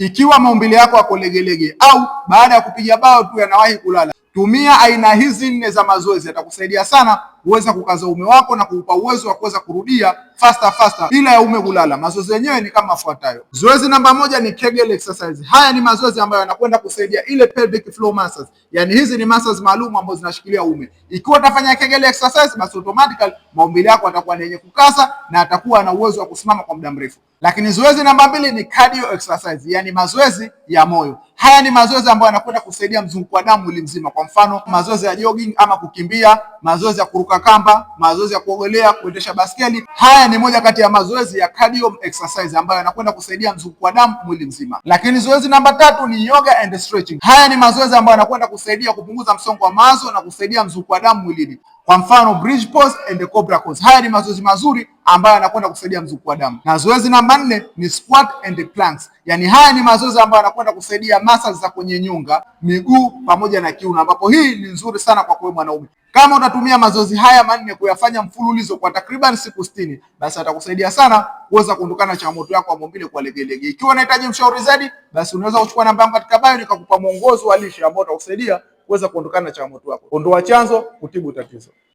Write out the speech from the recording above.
Ikiwa maumbile yako yako legelege au baada ya kupiga bao tu yanawahi kulala, tumia aina hizi nne za mazoezi, yatakusaidia sana kuweza kukaza ume wako na kuupa uwezo wa kuweza kurudia fasta fasta bila ya ume kulala. Mazoezi yenyewe ni kama afuatayo. Zoezi namba moja ni Kegel exercise. Haya ni mazoezi ambayo yanakwenda kusaidia ile pelvic floor muscles, yani hizi ni muscles maalum ambazo zinashikilia ume. Ikiwa utafanya Kegel exercise, basi automatically maumbile yako atakuwa ni yenye kukasa na atakuwa na uwezo wa kusimama kwa muda mrefu. Lakini zoezi namba mbili ni cardio exercise, yani mazoezi ya moyo. Haya ni mazoezi ambayo yanakwenda kusaidia mzunguko wa damu mwili mzima, kwa mfano mazoezi ya jogging ama kukimbia, mazoezi ya kuruka kuruka kamba, mazoezi ya kuogelea, kuendesha baskeli. Haya ni moja kati ya mazoezi ya cardio exercise ambayo yanakwenda kusaidia mzunguko wa damu mwili mzima. Lakini zoezi namba tatu ni yoga and stretching. Haya ni mazoezi ambayo yanakwenda kusaidia kupunguza msongo wa mawazo na kusaidia mzunguko wa damu mwilini, kwa mfano bridge pose and cobra pose. Haya ni mazoezi mazuri ambayo anakwenda kusaidia mzunguko wa damu, na zoezi namba nne ni squat and planks. Yani haya ni mazoezi ambayo anakwenda kusaidia muscles za kwenye nyunga, miguu pamoja na kiuno, ambapo hii ni nzuri sana kwa kwa mwanaume kama utatumia mazoezi haya manne kuyafanya mfululizo kwa takriban siku 60 basi atakusaidia sana kuweza kuondokana na changamoto yako ya maumbile kwa legelege. Ikiwa unahitaji mshauri zaidi, basi unaweza kuchukua namba yangu katika bio nikakupa mwongozo wa lishe ambao utakusaidia kuweza kuondokana na changamoto yako. Ondoa chanzo, kutibu tatizo.